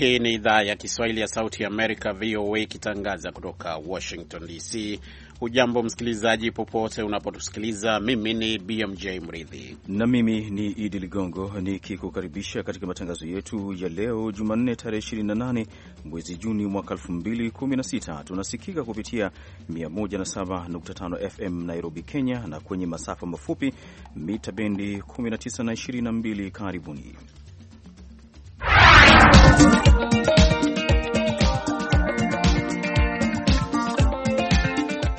Hii ni idhaa ya Kiswahili ya Sauti Amerika, VOA, ikitangaza kutoka Washington DC. Hujambo msikilizaji, popote unapotusikiliza. Mimi ni BMJ Mridhi na mimi ni Idi Ligongo nikikukaribisha katika matangazo yetu ya leo Jumanne tarehe 28 mwezi Juni mwaka 2016. Tunasikika kupitia 107.5 FM Nairobi, Kenya, na kwenye masafa mafupi mita bendi 19 na 22. Karibuni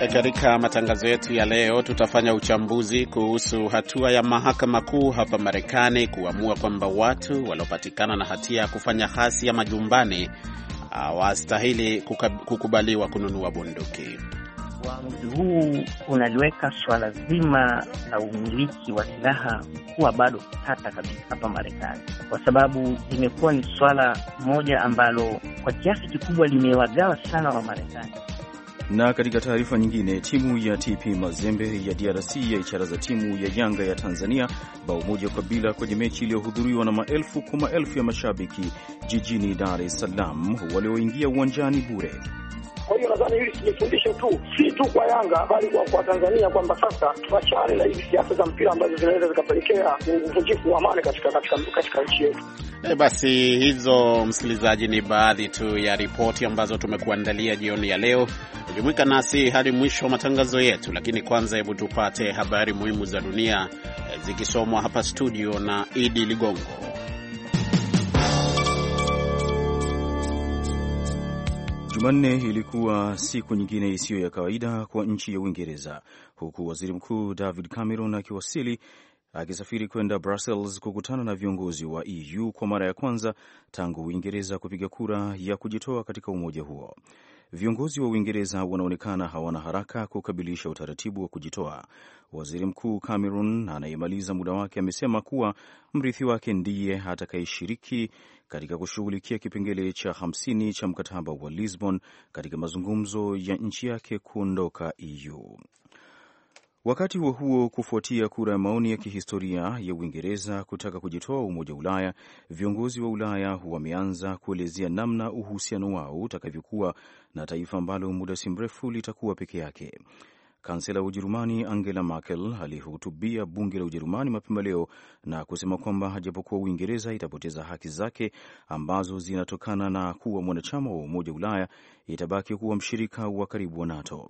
E, katika matangazo yetu ya leo tutafanya uchambuzi kuhusu hatua ya mahakama kuu hapa Marekani kuamua kwamba watu waliopatikana na hatia ya kufanya ghasia majumbani hawastahili kukubaliwa kununua bunduki. Uamuzi huu unaliweka swala zima la umiliki wa silaha kuwa bado tata kabisa hapa Marekani, kwa sababu imekuwa ni swala moja ambalo kwa kiasi kikubwa limewagawa sana wa marekani Na katika taarifa nyingine, timu ya TP Mazembe ya DRC yaicharaza timu ya Yanga ya Tanzania bao moja kwa bila kwenye mechi iliyohudhuriwa na maelfu kwa maelfu ya mashabiki jijini Dar es Salaam walioingia uwanjani bure. Kwa hiyo nadhani hili si fundisho tu, si tu kwa Yanga bali kwa, kwa Tanzania kwamba sasa tuachane na hizi siasa za mpira ambazo zinaweza zikapelekea uvunjifu wa amani katika, katika, katika nchi yetu. E, basi hizo, msikilizaji, ni baadhi tu ya ripoti ambazo tumekuandalia jioni ya leo. Jumuika nasi hadi mwisho wa matangazo yetu, lakini kwanza, hebu tupate habari muhimu za dunia eh, zikisomwa hapa studio na Idi Ligongo. Jumanne ilikuwa siku nyingine isiyo ya kawaida kwa nchi ya Uingereza, huku waziri mkuu David Cameron akiwasili akisafiri kwenda Brussels kukutana na viongozi wa EU kwa mara ya kwanza tangu Uingereza kupiga kura ya kujitoa katika umoja huo. Viongozi wa Uingereza wanaonekana hawana haraka kukabilisha utaratibu wa kujitoa. Waziri Mkuu Cameron anayemaliza muda wake amesema kuwa mrithi wake ndiye atakayeshiriki katika kushughulikia kipengele cha 50 cha mkataba wa Lisbon katika mazungumzo ya nchi yake kuondoka EU. Wakati huo huo, kufuatia kura ya maoni ya kihistoria ya Uingereza kutaka kujitoa umoja wa Ulaya, viongozi wa Ulaya wameanza kuelezea namna uhusiano wao utakavyokuwa na taifa ambalo muda si mrefu litakuwa peke yake. Kansela wa Ujerumani Angela Merkel alihutubia bunge la Ujerumani mapema leo na kusema kwamba japokuwa Uingereza itapoteza haki zake ambazo zinatokana na kuwa mwanachama wa umoja wa Ulaya, itabaki kuwa mshirika wa karibu wa NATO.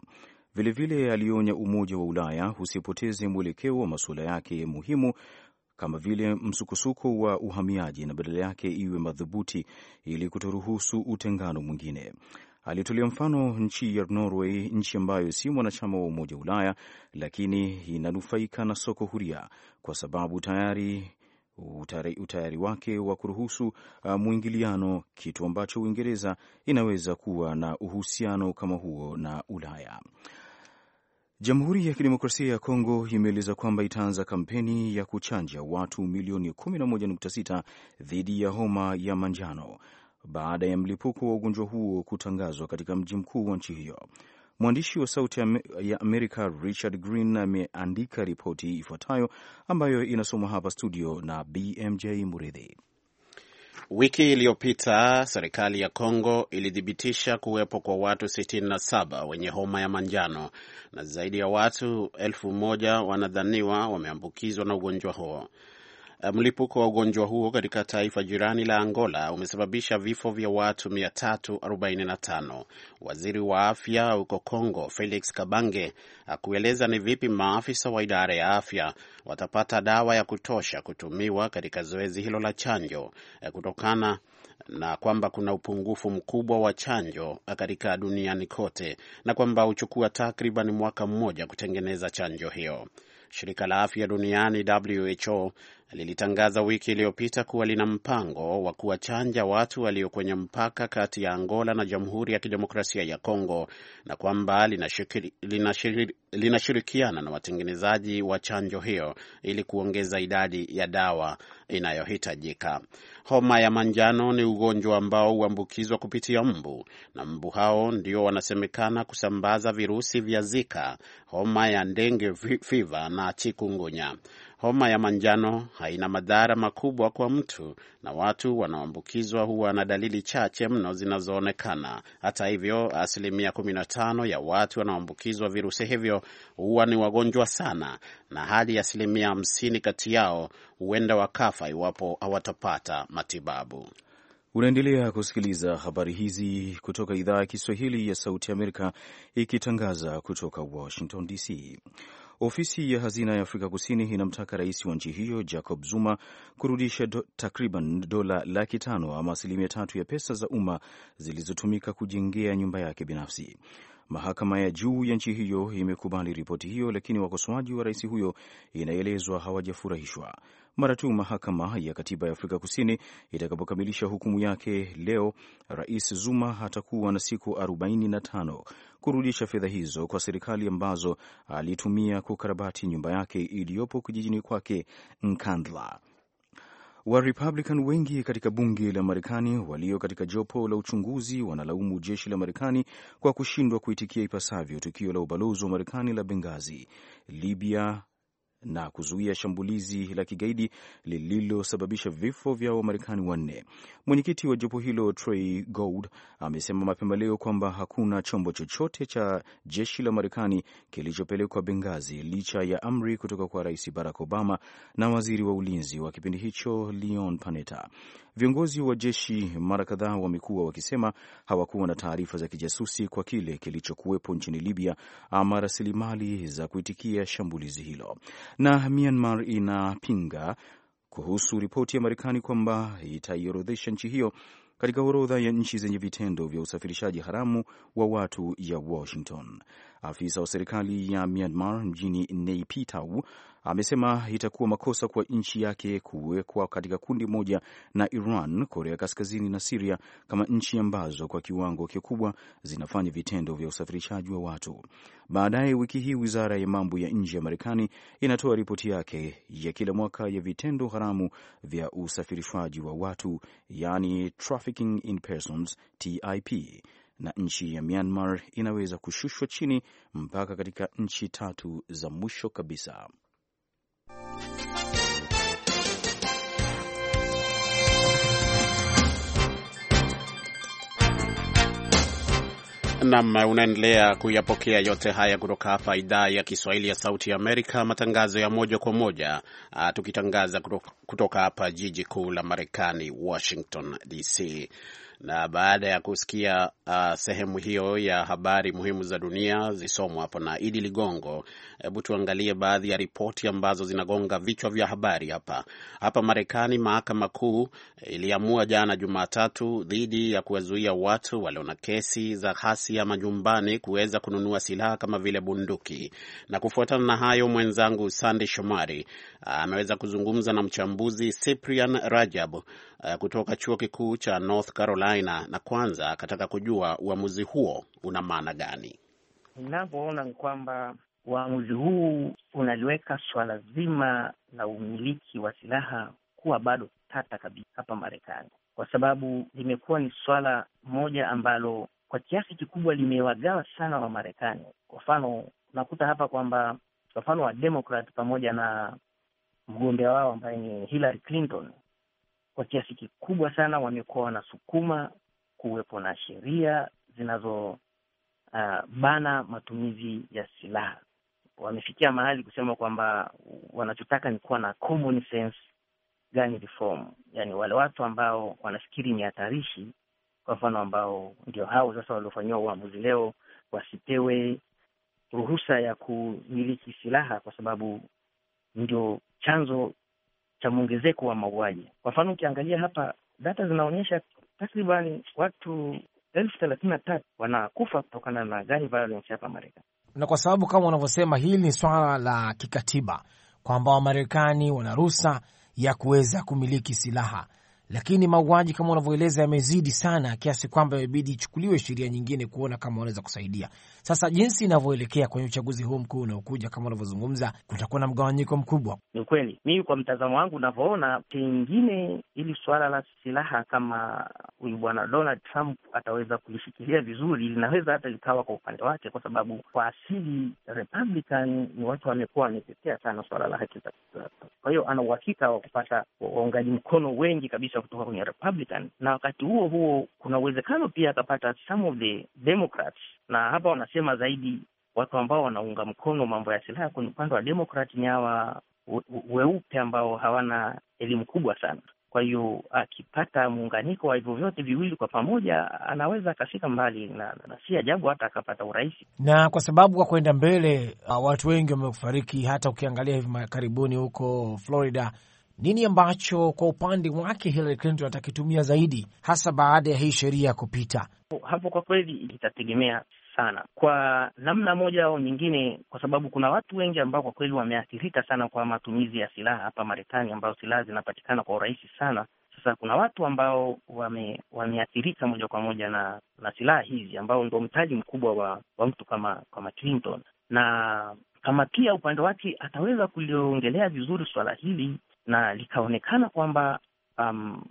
Vilevile alionya Umoja wa Ulaya usipoteze mwelekeo wa masuala yake muhimu kama vile msukosuko wa uhamiaji na badala yake iwe madhubuti ili kutoruhusu utengano mwingine. Alitolea mfano nchi ya Norway, nchi ambayo si mwanachama wa Umoja wa Ulaya lakini inanufaika na soko huria kwa sababu tayari utayari, utayari wake wa kuruhusu uh, mwingiliano, kitu ambacho Uingereza inaweza kuwa na uhusiano kama huo na Ulaya. Jamhuri ya Kidemokrasia ya Kongo imeeleza kwamba itaanza kampeni ya kuchanja watu milioni 11.6 dhidi ya homa ya manjano baada ya mlipuko wa ugonjwa huo kutangazwa katika mji mkuu wa nchi hiyo. Mwandishi wa Sauti ya Amerika Richard Green ameandika ripoti ifuatayo ambayo inasomwa hapa studio na BMJ Muridhi. Wiki iliyopita serikali ya Kongo ilithibitisha kuwepo kwa watu 67 wenye homa ya manjano na zaidi ya watu elfu moja wanadhaniwa wameambukizwa na ugonjwa huo. Mlipuko wa ugonjwa huo katika taifa jirani la Angola umesababisha vifo vya watu 345. Waziri wa afya huko congo Felix Kabange, akueleza ni vipi maafisa wa idara ya afya watapata dawa ya kutosha kutumiwa katika zoezi hilo la chanjo eh, kutokana na kwamba kuna upungufu mkubwa wa chanjo eh, katika duniani kote na kwamba huchukua takriban mwaka mmoja kutengeneza chanjo hiyo. Shirika la afya duniani WHO lilitangaza wiki iliyopita kuwa lina mpango wa kuwachanja watu walio kwenye mpaka kati ya Angola na Jamhuri ya Kidemokrasia ya Kongo na kwamba linashirikiana lina na watengenezaji wa chanjo hiyo ili kuongeza idadi ya dawa inayohitajika. Homa ya manjano ni ugonjwa ambao huambukizwa kupitia mbu na mbu hao ndio wanasemekana kusambaza virusi vya Zika, homa ya ndenge fiva na chikungunya. Homa ya manjano haina madhara makubwa kwa mtu na watu wanaoambukizwa huwa na dalili chache mno zinazoonekana. Hata hivyo, asilimia 15 ya watu wanaoambukizwa virusi hivyo huwa ni wagonjwa sana, na hadi asilimia 50 kati yao huenda wakafa iwapo hawatapata matibabu. Unaendelea kusikiliza habari hizi kutoka idhaa ya Kiswahili ya Sauti ya Amerika, ikitangaza kutoka Washington DC. Ofisi ya hazina ya Afrika Kusini inamtaka rais wa nchi hiyo Jacob Zuma kurudisha do, takriban dola laki tano ama asilimia tatu ya pesa za umma zilizotumika kujengea nyumba yake binafsi. Mahakama ya juu ya nchi hiyo imekubali ripoti hiyo, lakini wakosoaji wa rais huyo inaelezwa hawajafurahishwa mara tu mahakama ya katiba ya Afrika Kusini itakapokamilisha hukumu yake leo. Rais Zuma atakuwa na siku 45 kurudisha fedha hizo kwa serikali ambazo alitumia kukarabati nyumba yake iliyopo kijijini kwake Nkandla. Wa Republican wengi katika bunge la Marekani walio katika jopo la uchunguzi wanalaumu jeshi la Marekani kwa kushindwa kuitikia ipasavyo tukio la ubalozi wa Marekani la Benghazi, Libya na kuzuia shambulizi la kigaidi lililosababisha vifo vya Wamarekani wanne. Mwenyekiti wa jopo hilo Trey Gold amesema mapema leo kwamba hakuna chombo chochote cha jeshi la Marekani kilichopelekwa Bengazi licha ya amri kutoka kwa Rais Barack Obama na waziri wa ulinzi wa kipindi hicho Leon Panetta. Viongozi wa jeshi mara kadhaa wamekuwa wakisema hawakuwa na taarifa za kijasusi kwa kile kilichokuwepo nchini Libya ama rasilimali za kuitikia shambulizi hilo, na Myanmar inapinga kuhusu ripoti ya Marekani kwamba itaiorodhesha nchi hiyo katika orodha ya nchi zenye vitendo vya usafirishaji haramu wa watu ya Washington. Afisa wa serikali ya Myanmar mjini Nay amesema itakuwa makosa kwa nchi yake kuwekwa katika kundi moja na Iran, Korea Kaskazini na Siria kama nchi ambazo kwa kiwango kikubwa zinafanya vitendo vya usafirishaji wa watu. Baadaye wiki hii wizara ya mambo ya nje ya Marekani inatoa ripoti yake ya kila mwaka ya vitendo haramu vya usafirishwaji wa watu, yani trafficking in persons, TIP na nchi ya Myanmar inaweza kushushwa chini mpaka katika nchi tatu za mwisho kabisa. Nam, unaendelea kuyapokea yote haya kutoka hapa idhaa ya Kiswahili ya Sauti ya Amerika, matangazo ya moja kwa moja ah, tukitangaza kutoka hapa jiji kuu la Marekani, Washington DC. Na baada ya kusikia uh, sehemu hiyo ya habari muhimu za dunia zisomwa hapo na Idi Ligongo, hebu tuangalie baadhi ya ripoti ambazo zinagonga vichwa vya habari hapa hapa Marekani. Mahakama Kuu iliamua jana Jumatatu dhidi ya kuwazuia watu walio na kesi za ghasia majumbani kuweza kununua silaha kama vile bunduki. Na kufuatana na hayo, mwenzangu Sande Shomari ameweza kuzungumza na mchambuzi Cyprian Rajab eh, kutoka chuo kikuu cha North Carolina, na kwanza akataka kujua uamuzi huo una maana gani. Ninavyoona ni kwamba uamuzi huu unaliweka swala zima la umiliki wa silaha kuwa bado tata kabisa hapa Marekani, kwa sababu limekuwa ni swala moja ambalo kwa kiasi kikubwa limewagawa sana Wamarekani. Kwa mfano, unakuta hapa kwamba kwa mfano wa Democrat pamoja na mgombea wao ambaye ni Hillary Clinton, kwa kiasi kikubwa sana wamekuwa wanasukuma kuwepo na sheria zinazobana uh, matumizi ya silaha. Wamefikia mahali kusema kwamba wanachotaka ni kuwa na common sense gun reform, yani wale watu ambao wanafikiri ni hatarishi, kwa mfano, ambao ndio hao sasa waliofanyiwa uamuzi leo, wasipewe ruhusa ya kumiliki silaha kwa sababu ndio chanzo cha mwongezeko wa mauaji. Kwa mfano, ukiangalia hapa data zinaonyesha takriban watu elfu thelathini na tatu wanakufa kutokana na gun violence hapa Marekani, na kwa sababu kama wanavyosema, hili ni swala la kikatiba kwamba Wamarekani wana ruhusa ya kuweza kumiliki silaha lakini mauaji kama unavyoeleza yamezidi sana kiasi kwamba imebidi ichukuliwe sheria nyingine kuona kama wanaweza kusaidia. Sasa jinsi inavyoelekea kwenye uchaguzi huu mkuu unaokuja, kama unavyozungumza, kutakuwa na mgawanyiko mkubwa. Ni ukweli, mimi kwa mtazamo wangu unavyoona, pengine hili suala la silaha, kama huyu bwana Donald Trump ataweza kulishikilia vizuri, linaweza hata likawa kwa upande wake, kwa sababu kwa asili Republican ni watu wamekuwa wametetea sana suala la haki za kisiasa. Kwa hiyo ana uhakika wa kupata waungaji mkono wengi kabisa kutoka kutoka kwenye Republican, na wakati huo huo kuna uwezekano pia akapata some of the Democrats, na hapa wanasema zaidi watu ambao wanaunga mkono mambo ya silaha kwenye upande wa Democrat ni hawa weupe ambao hawana elimu kubwa sana. Kwa hiyo akipata muunganiko wa hivyo vyote viwili kwa pamoja, anaweza akafika mbali na, na si ajabu hata akapata urais. Na kwa sababu kwa kwenda mbele, uh, watu wengi wamefariki, hata ukiangalia hivi karibuni huko Florida nini ambacho kwa upande wake Hillary Clinton atakitumia zaidi, hasa baada ya hii sheria kupita? Hapo kwa kweli itategemea sana kwa namna moja au nyingine, kwa sababu kuna watu wengi ambao kwa kweli wameathirika sana kwa matumizi ya silaha hapa Marekani, ambayo silaha zinapatikana kwa urahisi sana. Sasa kuna watu ambao wame, wameathirika moja kwa moja na na silaha hizi, ambao ndio mtaji mkubwa wa, wa mtu kama kama Clinton, na kama pia upande wake ataweza kuliongelea vizuri swala hili na likaonekana kwamba um,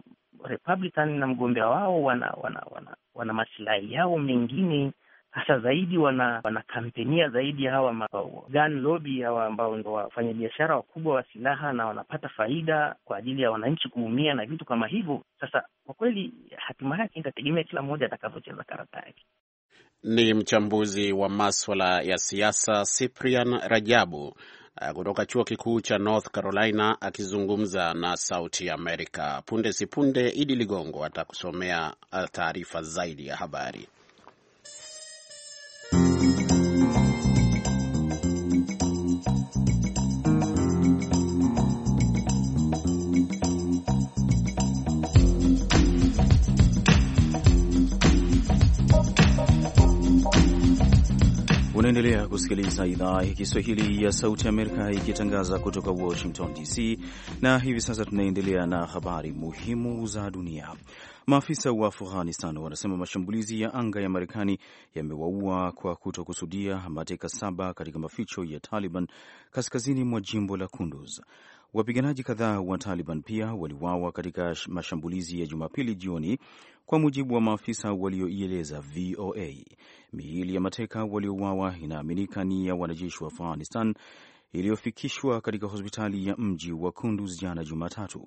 Republican na mgombea wao wana wana, wana, wana masilahi yao mengine hasa zaidi wana wanakampenia zaidi hawa gun lobby hawa ambao ndo wafanyabiashara wakubwa wa silaha na wanapata faida kwa ajili ya wananchi kuumia na vitu kama hivyo. Sasa kwa kweli, hatima yake itategemea kila mmoja atakavyocheza karata yake. Ni mchambuzi wa maswala ya siasa Cyprian Rajabu Eh, kutoka chuo kikuu cha North Carolina akizungumza na Sauti Amerika. Punde si punde, Idi Ligongo atakusomea eh, taarifa zaidi ya habari. Unaendelea kusikiliza idhaa ya Kiswahili ya Sauti Amerika ikitangaza kutoka Washington DC, na hivi sasa tunaendelea na habari muhimu za dunia. Maafisa wa Afghanistan wanasema mashambulizi ya anga ya Marekani yamewaua kwa kutokusudia mateka saba katika maficho ya Taliban kaskazini mwa jimbo la Kunduz. Wapiganaji kadhaa wa Taliban pia waliwawa katika mashambulizi ya Jumapili jioni kwa mujibu wa maafisa walioieleza VOA, miili ya mateka waliouawa inaaminika ni ya wanajeshi wa Afghanistan iliyofikishwa katika hospitali ya mji wa Kunduz jana Jumatatu.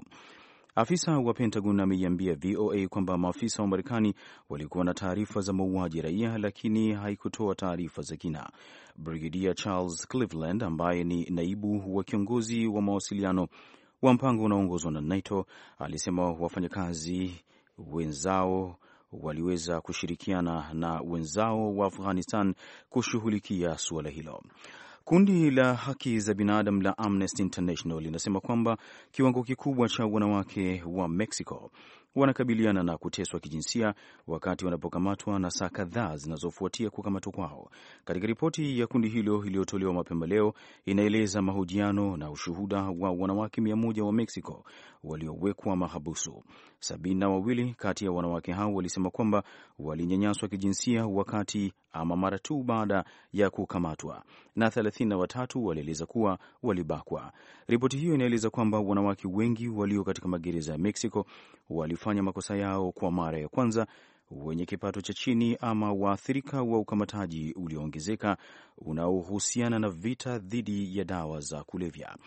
Afisa wa Pentagon ameiambia VOA kwamba maafisa wa Marekani walikuwa na taarifa za mauaji raia, lakini haikutoa taarifa za kina. Brigedia Charles Cleveland ambaye ni naibu wa kiongozi wa mawasiliano wa mpango unaoongozwa na NATO alisema wafanyakazi wenzao waliweza kushirikiana na wenzao wa Afghanistan kushughulikia suala hilo. Kundi la haki za binadamu la Amnesty International linasema kwamba kiwango kikubwa cha wanawake wa Mexico wanakabiliana na kuteswa kijinsia wakati wanapokamatwa na saa kadhaa zinazofuatia kukamatwa kwao. Katika ripoti ya kundi hilo iliyotolewa mapema leo, inaeleza mahojiano na ushuhuda wa wanawake mia moja wa Mexico waliowekwa mahabusu. Sabini na wawili kati ya wanawake hao walisema kwamba walinyanyaswa kijinsia wakati ama mara tu baada ya kukamatwa, na thelathini na watatu walieleza kuwa walibakwa. Ripoti hiyo inaeleza kwamba wanawake wengi walio katika magereza ya Mexico wali wanaofanya makosa yao kwa mara ya kwanza, wenye kipato cha chini, ama waathirika wa ukamataji ulioongezeka unaohusiana na vita dhidi ya dawa za kulevya.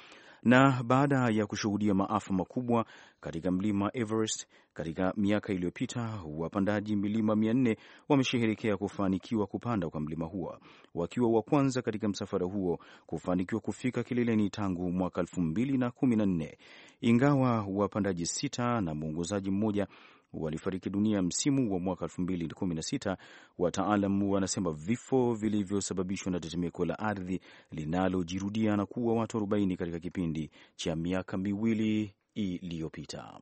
Na baada ya kushuhudia maafa makubwa katika mlima Everest katika miaka iliyopita, wapandaji milima mia nne wamesheherekea kufanikiwa kupanda kwa mlima huo, wakiwa wa kwanza katika msafara huo kufanikiwa kufika kileleni tangu mwaka elfu mbili na kumi na nne ingawa wapandaji sita na mwongozaji mmoja walifariki dunia msimu wa mwaka 2016. Wataalam wanasema vifo vilivyosababishwa na tetemeko la ardhi linalojirudia na kuua watu 40 katika kipindi cha miaka miwili iliyopita.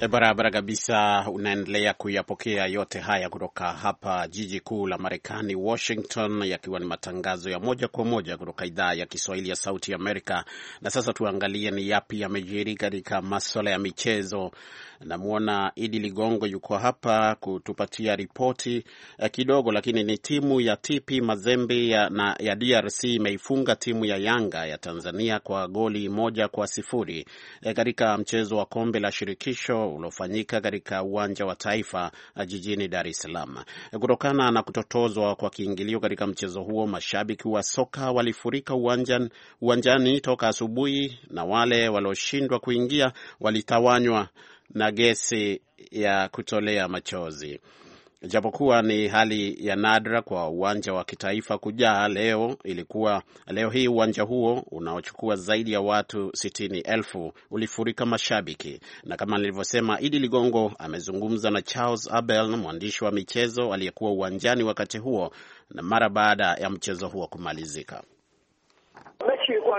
Eh, barabara kabisa. Unaendelea kuyapokea yote haya kutoka hapa jiji kuu la Marekani, Washington, yakiwa ni matangazo ya moja kwa moja kutoka idhaa ya Kiswahili ya Sauti Amerika. Na sasa tuangalie ni yapi yamejiri katika maswala ya michezo. Namwona Idi Ligongo yuko hapa kutupatia ripoti eh, kidogo, lakini ni timu ya TP Mazembe ya, na, ya DRC imeifunga timu ya Yanga ya Tanzania kwa goli moja kwa sifuri eh, katika mchezo wa kombe la shirikisho uliofanyika katika uwanja wa taifa uh, jijini Dar es Salaam. Kutokana na kutotozwa kwa kiingilio katika mchezo huo, mashabiki wa soka walifurika uwanjani toka asubuhi na wale walioshindwa kuingia walitawanywa na gesi ya kutolea machozi. Japokuwa ni hali ya nadra kwa uwanja wa kitaifa kujaa leo, ilikuwa leo hii uwanja huo unaochukua zaidi ya watu sitini elfu ulifurika mashabiki, na kama nilivyosema, Idi Ligongo amezungumza na Charles Abel, mwandishi wa michezo aliyekuwa uwanjani wakati huo na mara baada ya mchezo huo kumalizika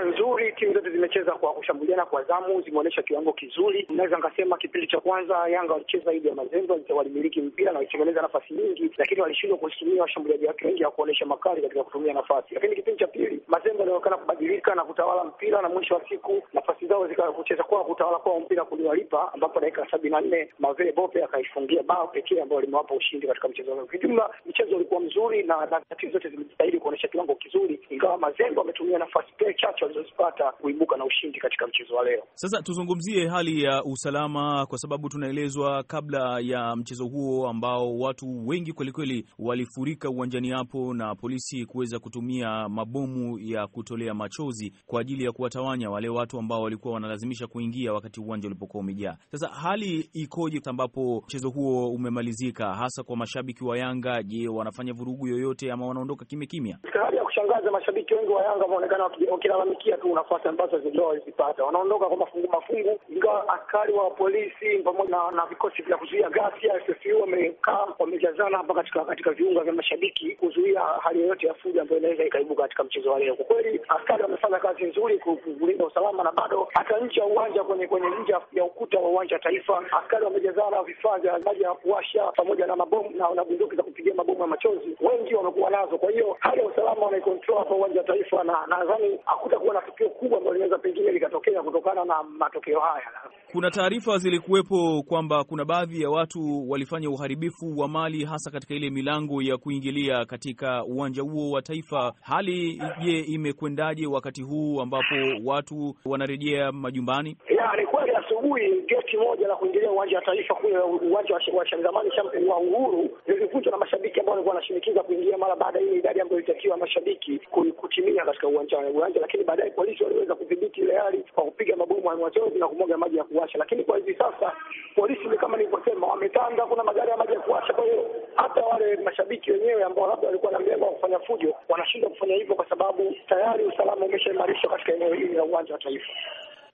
imekuwa nzuri, timu zote zimecheza kwa kushambuliana kwa zamu, zimeonyesha kiwango kizuri. Naweza nikasema kipindi cha kwanza Yanga walicheza dhidi ya Mazembe, walimiliki mpira na walitengeneza nafasi nyingi, lakini walishindwa kuzitumia. Washambuliaji wake wengi kuonyesha makali katika kutumia nafasi, lakini kipindi cha pili Mazembe walionekana kubadilika na kutawala mpira, na mwisho wa siku nafasi zao zikakucheza kwao, kutawala kwao mpira kuliwalipa, ambapo dakika sabini na nne Mavee Bope akaifungia bao pekee ambayo limewapa ushindi katika mchezo wao. Kijumla mchezo ulikuwa mzuri na timu zote zimejitahidi kuonyesha kiwango kizuri, ingawa Mazembe wametumia nafasi pekee chache alizozipata kuibuka na ushindi katika mchezo wa leo. Sasa tuzungumzie hali ya usalama, kwa sababu tunaelezwa kabla ya mchezo huo ambao watu wengi kwelikweli walifurika uwanjani hapo na polisi kuweza kutumia mabomu ya kutolea machozi kwa ajili ya kuwatawanya wale watu ambao walikuwa wanalazimisha kuingia wakati uwanja ulipokuwa umejaa. Sasa hali ikoje ambapo mchezo huo umemalizika, hasa kwa mashabiki wa Yanga? Je, wanafanya vurugu yoyote ama wanaondoka kimya kimya? Katika hali ya kushangaza, mashabiki wengi wa Yanga wameonekana wakilalamika unaangukia tu nafasi ambazo zilio walizipata, wanaondoka kwa mafungu mafungu, ingawa askari wa polisi pamoja na vikosi vya kuzuia ghasia SSU wamekaa wamejazana hapa katika katika viunga vya mashabiki kuzuia hali yoyote ya fujo ambayo inaweza ikaibuka katika mchezo wa leo. Kwa kweli askari wamefanya kazi nzuri kulinda usalama, na bado hata nje ya uwanja kwenye kwenye nje ya ukuta wa uwanja wa Taifa askari wamejazana vifaa vya maji ya kuwasha pamoja na mabomu na, na bunduki za kupigia mabomu ya machozi, wengi wamekuwa nazo. Kwa hiyo hali ya usalama wanaikontrol hapa uwanja wa Taifa na nadhani hakuta kutakuwa na tukio kubwa ambalo linaweza pengine likatokea kutokana na matokeo haya. Kuna taarifa zilikuwepo kwamba kuna baadhi ya watu walifanya uharibifu wa mali hasa katika ile milango ya kuingilia katika uwanja huo wa Taifa. Hali je, imekwendaje wakati huu ambapo watu wanarejea majumbani? Ya, ni kweli asubuhi geti moja la kuingilia uwanja wa Taifa kule uwanja wa Shangamani wa Uhuru lilivunjwa na mashabiki ambao walikuwa wanashinikiza kuingia mara baada ya ile idadi ambayo ilitakiwa mashabiki kutimia katika uwanja uwanja, lakini baadaye polisi waliweza kudhibiti ile hali kwa kupiga mabomu ya machozi na kumwaga maji ya kuwasha, lakini kwa hivi sasa polisi ni kama nilivyosema, wametanda, kuna magari ya maji ya kuwasha. Kwa hiyo hata wale mashabiki wenyewe ambao labda walikuwa na mlengo wa kufanya fujo wanashindwa kufanya hivyo, kwa sababu tayari usalama umeshaimarishwa katika eneo hili la uwanja wa Taifa.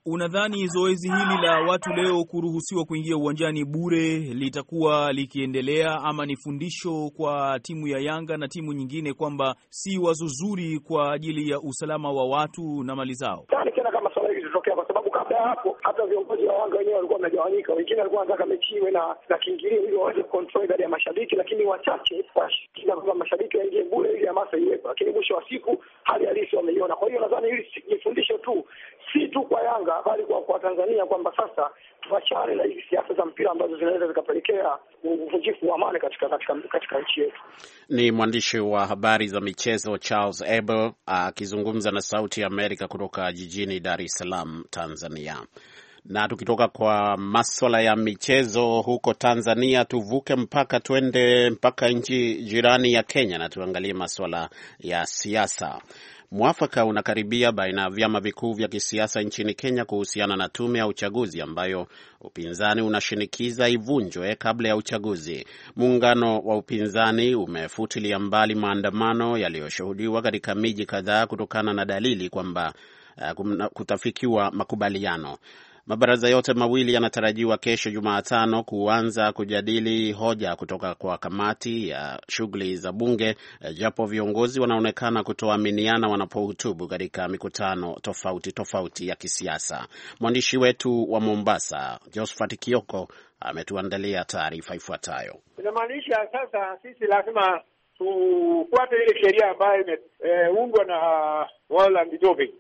Unadhani zoezi hili la watu leo kuruhusiwa kuingia uwanjani bure litakuwa likiendelea ama ni fundisho kwa timu ya Yanga na timu nyingine kwamba si wazo zuri kwa ajili ya usalama wa watu na mali zao? hapo, hata viongozi wa Yanga wenyewe walikuwa wamegawanyika. Wengine walikuwa wanataka mechi iwe na na kiingilio ili waweze kucontrol idadi ya mashabiki, lakini wachache washikiza kwamba mashabiki waingie bure ili hamasa iwepo, lakini mwisho wa siku hali halisi wameiona. Kwa hiyo nadhani hili ni fundisho tu, si tu kwa Yanga bali kwa kwa Tanzania kwamba sasa tuachane na hizi siasa za mpira ambazo zinaweza zikapelekea uvunjifu wa amani katika katika katika nchi yetu. Ni mwandishi wa habari za michezo Charles Abel akizungumza na Sauti ya Amerika kutoka jijini Dar es Salaam, Tanzania. Ulaya. Na tukitoka kwa maswala ya michezo huko Tanzania, tuvuke mpaka twende mpaka nchi jirani ya Kenya na tuangalie maswala ya siasa. Mwafaka unakaribia baina ya vyama vikuu vya kisiasa nchini Kenya kuhusiana na tume ya uchaguzi ambayo upinzani unashinikiza ivunjwe kabla ya uchaguzi. Muungano wa upinzani umefutilia mbali maandamano yaliyoshuhudiwa katika miji kadhaa kutokana na dalili kwamba Eh, kutafikiwa makubaliano. Mabaraza yote mawili yanatarajiwa kesho Jumatano kuanza kujadili hoja kutoka kwa kamati ya shughuli za bunge, eh, japo viongozi wanaonekana kutoaminiana wanapohutubu katika mikutano tofauti tofauti ya kisiasa. Mwandishi wetu wa Mombasa, Josphat Kioko, ametuandalia taarifa ifuatayo. Inamaanisha sasa sisi lazima tufuate ile sheria ambayo imeundwa eh, na World Anti-Doping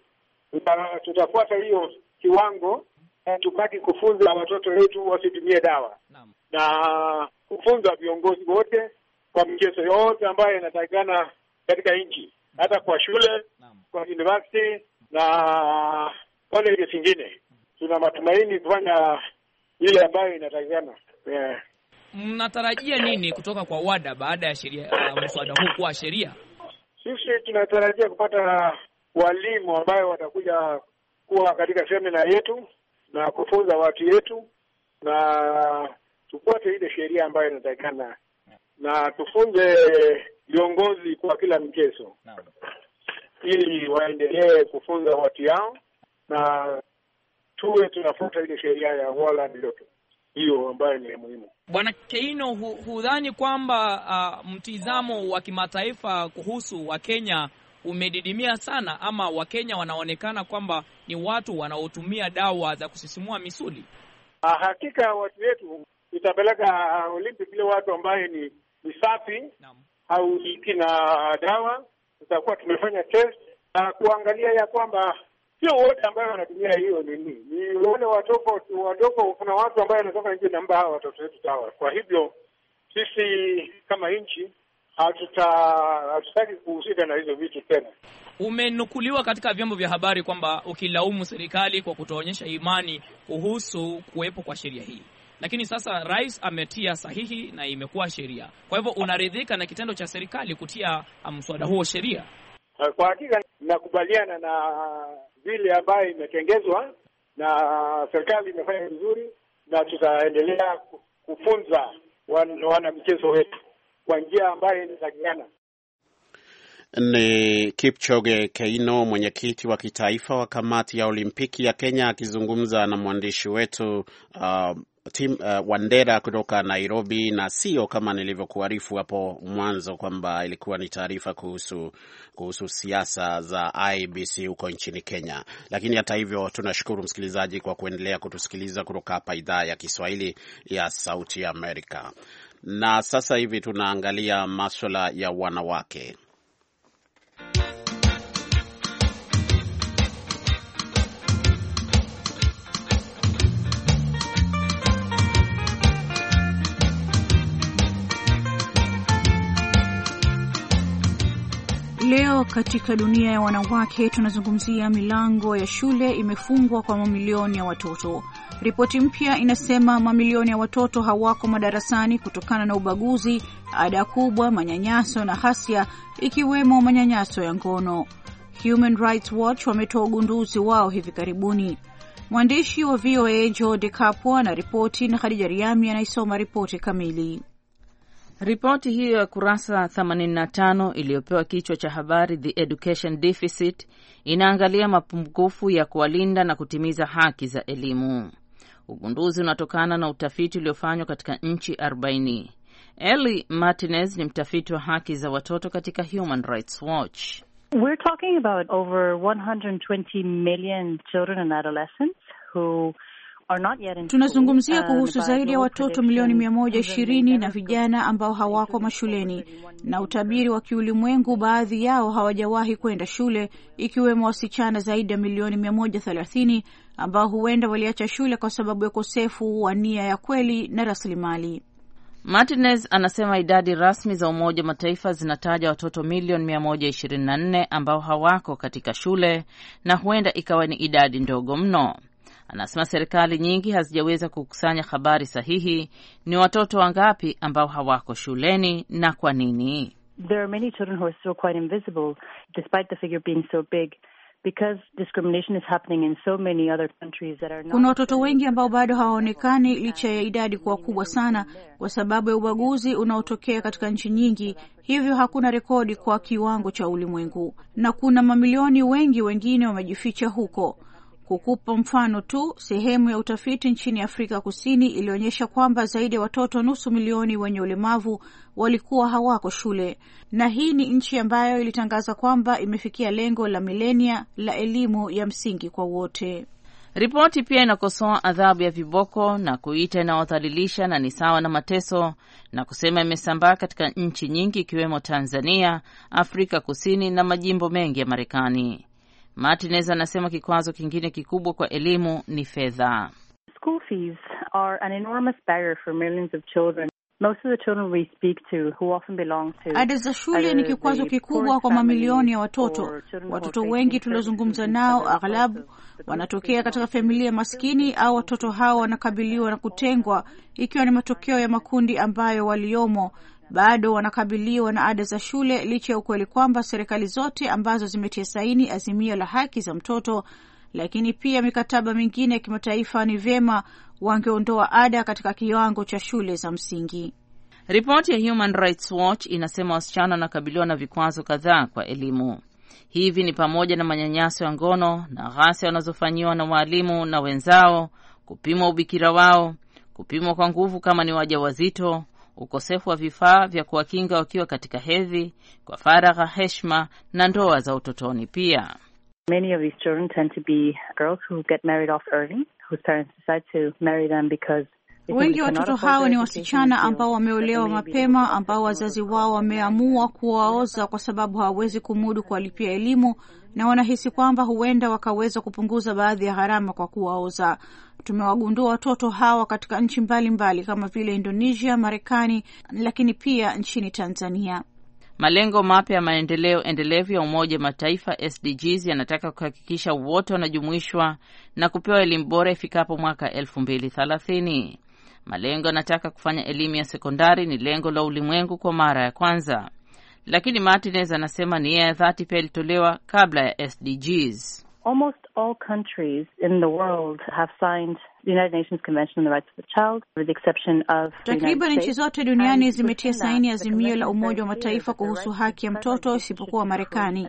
tutafuata hiyo kiwango eh, tubaki kufunza watoto wetu wasitumie dawa Naam. na kufunza viongozi wote kwa mchezo yote ambayo inatakikana katika nchi, hata kwa shule Naam. kwa university na college zingine. Tuna matumaini kufanya ile ambayo inatakikana yeah. Mnatarajia nini kutoka kwa WADA baada ya sheria uh, mswada huu kuwa sheria? Sisi tunatarajia kupata walimu ambayo watakuja kuwa katika semina yetu na kufunza watu yetu, na tufuate ile sheria ambayo inatakikana na tufunze viongozi kwa kila mchezo ili waendelee kufunza watu yao na tuwe tunafuata ile sheria ya wala ndoto hiyo ambayo ni muhimu. Bwana Keino, hudhani kwamba uh, mtizamo wa kimataifa kuhusu Wakenya umedidimia sana, ama Wakenya wanaonekana kwamba ni watu wanaotumia dawa za kusisimua misuli. Ah, hakika watu wetu itapeleka ah, Olympic vile watu ambaye ni, ni safi au iki na dawa. Tutakuwa tumefanya test na kuangalia ya kwamba sio wote ambayo wanatumia hiyo nini, ni wale watoko wadogo. Kuna watu ambaye wanatoka nje namba hawa watoto wetu dawa. Kwa hivyo sisi kama nchi hatutaki kuhusika na hizo vitu tena. Umenukuliwa katika vyombo vya habari kwamba ukilaumu serikali kwa kutoonyesha imani kuhusu kuwepo kwa sheria hii, lakini sasa rais ametia sahihi na imekuwa sheria. Kwa hivyo unaridhika na kitendo cha serikali kutia ah, mswada huo sheria? Ah, kwa hakika nakubaliana na vile ambayo imetengezwa na serikali, imefanya vizuri na tutaendelea kufunza wanamchezo wetu kwa njia ambayo inatakikana. Ni Kipchoge Keino, mwenyekiti wa kitaifa wa kamati ya Olimpiki ya Kenya, akizungumza na mwandishi wetu uh, Tim, uh, Wandera kutoka Nairobi. Na sio kama nilivyokuarifu hapo mwanzo kwamba ilikuwa ni taarifa kuhusu, kuhusu siasa za IBC huko nchini Kenya. Lakini hata hivyo, tunashukuru msikilizaji kwa kuendelea kutusikiliza kutoka hapa idhaa ya Kiswahili ya Sauti ya Amerika na sasa hivi tunaangalia maswala ya wanawake. Leo katika dunia ya wanawake tunazungumzia milango ya shule imefungwa kwa mamilioni ya watoto. Ripoti mpya inasema mamilioni ya watoto hawako madarasani kutokana na ubaguzi, ada kubwa, manyanyaso na hasia, ikiwemo manyanyaso ya ngono. Human Rights Watch wametoa ugunduzi wao hivi karibuni. Mwandishi wa VOA Joe De Capua anaripoti na Khadija Riami anaisoma ripoti kamili. Ripoti hiyo ya kurasa 85 iliyopewa kichwa cha habari The Education Deficit inaangalia mapungufu ya kuwalinda na kutimiza haki za elimu. Ugunduzi unatokana na utafiti uliofanywa katika nchi 40. Eli Martinez ni mtafiti wa haki za watoto katika Human Rights Watch. We're talking about over 120 million children and adolescents who Tunazungumzia kuhusu uh, zaidi ya watoto milioni mia moja ishirini na vijana ambao hawako mashuleni, na utabiri wa kiulimwengu, baadhi yao hawajawahi kwenda shule, ikiwemo wasichana zaidi ya milioni mia moja thelathini ambao huenda waliacha shule kwa sababu ya ukosefu wa nia ya kweli na rasilimali. Martinez anasema idadi rasmi za Umoja wa Mataifa zinataja watoto milioni 124 ambao hawako katika shule na huenda ikawa ni idadi ndogo mno. Anasema serikali nyingi hazijaweza kukusanya habari sahihi, ni watoto wangapi ambao hawako shuleni na kwa nini. There are many children who are still quite invisible despite the figure being so big. Kuna watoto wengi ambao bado hawaonekani licha ya idadi kuwa kubwa sana, kwa sababu ya ubaguzi unaotokea katika nchi nyingi. Hivyo hakuna rekodi kwa kiwango cha ulimwengu, na kuna mamilioni wengi wengine wamejificha huko. Kukupa mfano tu, sehemu ya utafiti nchini Afrika Kusini ilionyesha kwamba zaidi ya watoto nusu milioni wenye ulemavu walikuwa hawako shule, na hii ni nchi ambayo ilitangaza kwamba imefikia lengo la milenia la elimu ya msingi kwa wote. Ripoti pia inakosoa adhabu ya viboko na kuita inawadhalilisha na ni sawa na mateso na kusema imesambaa katika nchi nyingi ikiwemo Tanzania, Afrika Kusini na majimbo mengi ya Marekani. Martinez anasema kikwazo kingine kikubwa kwa elimu ni fedha. School fees are an enormous barrier for millions of children. Ada za shule ni kikwazo kikubwa kwa mamilioni ya watoto. Watoto wengi tuliozungumza nao aghalabu wanatokea katika familia maskini, au watoto hao wanakabiliwa na kutengwa, ikiwa ni matokeo ya makundi ambayo waliomo bado wanakabiliwa na ada za shule licha ya ukweli kwamba serikali zote ambazo zimetia saini azimio la haki za mtoto lakini pia mikataba mingine ya kimataifa ni vyema wangeondoa ada katika kiwango cha shule za msingi. Ripoti ya Human Rights Watch inasema wasichana wanakabiliwa na vikwazo kadhaa kwa elimu. Hivi ni pamoja na manyanyaso ya ngono na ghasia wanazofanyiwa na waalimu na wenzao, kupimwa ubikira wao, kupimwa kwa nguvu kama ni waja wazito, ukosefu wa vifaa vya kuwakinga wakiwa katika hedhi, kwa faragha, heshima na ndoa za utotoni. Pia wengi wa watoto hao ni wasichana ambao wameolewa mapema, ambao wazazi wao wameamua kuwaoza kwa sababu hawawezi kumudu kuwalipia elimu na wanahisi kwamba huenda wakaweza kupunguza baadhi ya gharama kwa kuwaoza. Tumewagundua watoto hawa katika nchi mbalimbali mbali, kama vile Indonesia, Marekani, lakini pia nchini Tanzania. Malengo mapya ya maendeleo endelevu ya Umoja Mataifa SDGs yanataka kuhakikisha wote wanajumuishwa na kupewa elimu bora ifikapo mwaka elfu mbili thelathini. Malengo yanataka kufanya elimu ya sekondari ni lengo la ulimwengu kwa mara ya kwanza lakini Martinez anasema nia ya dhati pia ilitolewa kabla ya SDGs. Almost all countries in the world have signed the United Nations Convention on the Rights of the Child with the exception of takriban nchi zote duniani zimetia saini azimio la Umoja wa Mataifa kuhusu haki ya mtoto isipokuwa Marekani,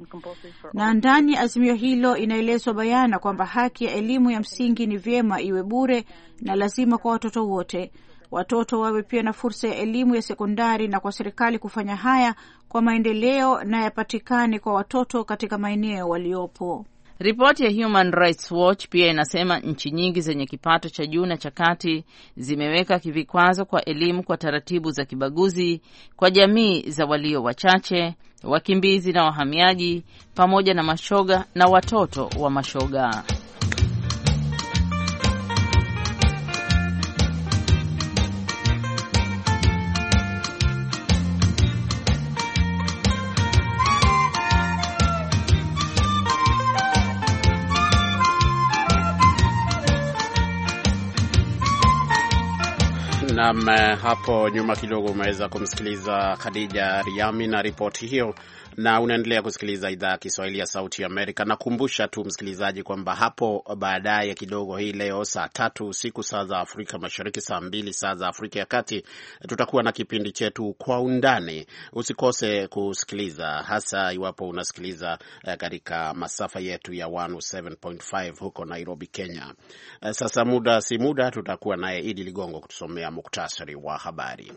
na ndani ya azimio hilo inaelezwa bayana kwamba haki ya elimu ya msingi ni vyema iwe bure na lazima kwa watoto wote watoto wawe pia na fursa ya elimu ya sekondari na kwa serikali kufanya haya kwa maendeleo na yapatikane kwa watoto katika maeneo waliopo. Ripoti ya Human Rights Watch pia inasema nchi nyingi zenye kipato cha juu na cha kati zimeweka vikwazo kwa elimu kwa taratibu za kibaguzi kwa jamii za walio wachache, wakimbizi na wahamiaji, pamoja na mashoga na watoto wa mashoga. Nam, eh, hapo nyuma kidogo umeweza kumsikiliza Khadija Riami na ripoti hiyo na unaendelea kusikiliza idhaa ya Kiswahili ya Sauti ya Amerika. Nakumbusha tu msikilizaji kwamba hapo baadaye kidogo hii leo saa tatu usiku saa za Afrika Mashariki, saa mbili saa za Afrika ya Kati, tutakuwa na kipindi chetu Kwa Undani. Usikose kusikiliza, hasa iwapo unasikiliza eh, katika masafa yetu ya 107.5 huko Nairobi, Kenya. Eh, sasa muda si muda tutakuwa naye Idi Ligongo kutusomea muktasari wa habari.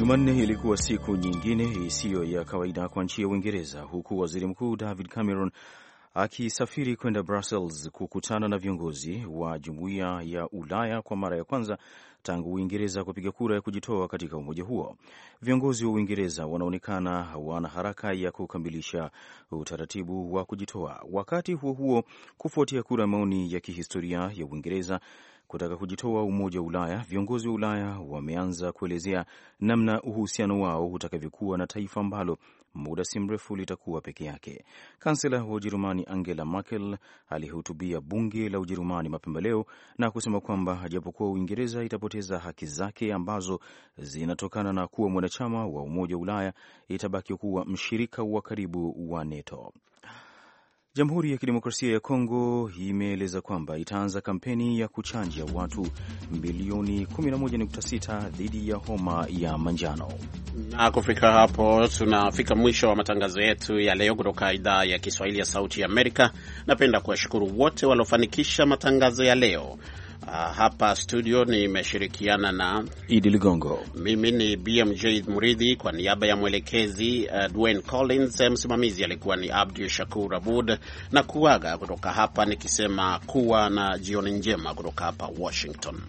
Jumanne ilikuwa siku nyingine isiyo ya kawaida kwa nchi ya Uingereza, huku waziri mkuu David Cameron akisafiri kwenda Brussels kukutana na viongozi wa jumuiya ya Ulaya kwa mara ya kwanza tangu Uingereza kupiga kura ya kujitoa katika umoja huo. Viongozi wa Uingereza wanaonekana wana haraka ya kukamilisha utaratibu wa kujitoa. Wakati huo huo, kufuatia kura maoni ya kihistoria ya Uingereza kutaka kujitoa Umoja wa Ulaya, viongozi wa Ulaya wameanza kuelezea namna uhusiano wao utakavyokuwa na taifa ambalo muda si mrefu litakuwa peke yake. Kansela wa Ujerumani Angela Merkel alihutubia bunge la Ujerumani mapema leo na kusema kwamba japokuwa Uingereza itapoteza haki zake ambazo zinatokana na kuwa mwanachama wa Umoja wa Ulaya, itabaki kuwa mshirika wa karibu wa NATO. Jamhuri ya Kidemokrasia ya Kongo imeeleza kwamba itaanza kampeni ya kuchanja watu milioni 11.6 dhidi ya homa ya manjano. Na kufika hapo, tunafika mwisho wa matangazo yetu ya leo kutoka idhaa ya Kiswahili ya Sauti ya Amerika. Napenda kuwashukuru wote waliofanikisha matangazo ya leo. Ah, hapa studio nimeshirikiana na Idi Ligongo. Mimi ni BMJ Mridhi, kwa niaba ya mwelekezi uh, Dwayne Collins. Eh, msimamizi alikuwa ni Abdu Shakur Abud, na kuaga kutoka hapa nikisema kuwa na jioni njema kutoka hapa Washington.